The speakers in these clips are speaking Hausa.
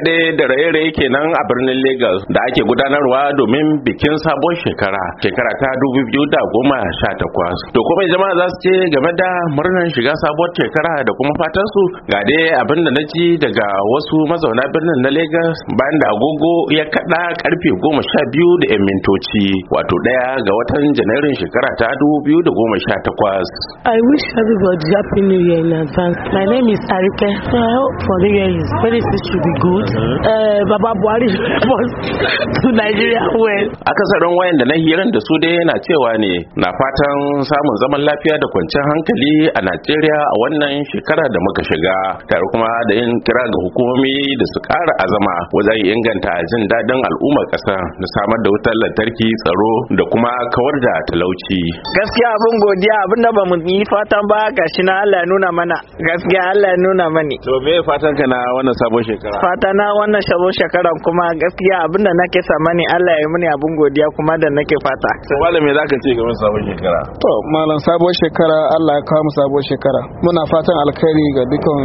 kaɗe da raye-raye kenan a birnin Lagos da ake gudanarwa domin bikin sabon shekara shekara ta takwas. To kuma jama'a za su ce game da murnar shiga sabuwar shekara da kuma fatan su ga dai abin da na ji daga wasu mazauna birnin na Lagos bayan da agogo ya kaɗa karfe goma sha biyu da 'yan mintoci wato ɗaya ga watan janairun shekara ta takwas. I wish everybody happy new year in advance. My name is Arike. So I hope for the year is very be good. Eh, baba buhari to nigeria well akasarin wayan da na hiran da su dai yana cewa ne na fatan samun zaman lafiya da kwanciyar hankali a najeriya a wannan shekara da muka shiga tare kuma da yin kira ga hukumomi da su kara azama wajen inganta jin daɗin al'ummar ƙasar da samar da wutar lantarki tsaro da kuma kawar da talauci gaskiya abin godiya abin da bamu yi fatan ba gashi na Allah nuna mana gaskiya Allah nuna mani to me fatan ka na wannan sabon shekara fatan na wannan sharo shekaran kuma gaskiya abinda nake samani Allah ya yi mini abin godiya kuma da nake fata to malam me zaka ce game sabon shekara to malam sabon shekara Allah ya kawo mu sabon shekara muna fatan alkhairi ga dukkan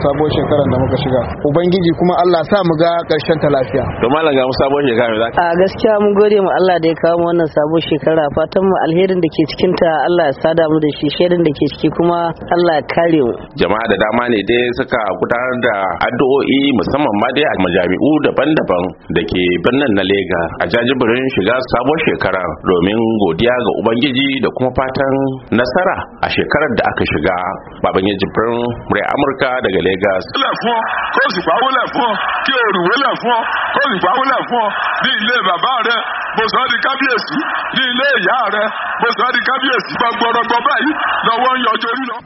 sabon shekaran da muka shiga ubangiji kuma Allah sa mu ga karshen ta lafiya to malam ga mu sabon shekara me zaka a gaskiya mun gode mu Allah da ya kawo mu wannan sabon shekara fatan mu alherin da ke cikin ta Allah ya sada mu da shi sherin da ke ciki kuma Allah ya kare mu jama'a da dama ne dai suka gudanar da addu'o'i musamman ma dai dai a majami'u daban-daban da ke birnin na lega a jajibirin shiga sabon shekara domin godiya ga ubangiji da kuma fatan nasara a shekarar da aka shiga baban ya jibrin murai amurka daga lagos lẹ́fún kó sì pawó lẹ́fún kí òrùwé lẹ́fún kó sì pawó lẹ́fún ní ilé bàbá rẹ bó sọ di kábíyèsí ní ilé ìyá rẹ bó sọ di kábíyèsí gbọgbọrọgbọ báyìí lọ́wọ́ ń lọ.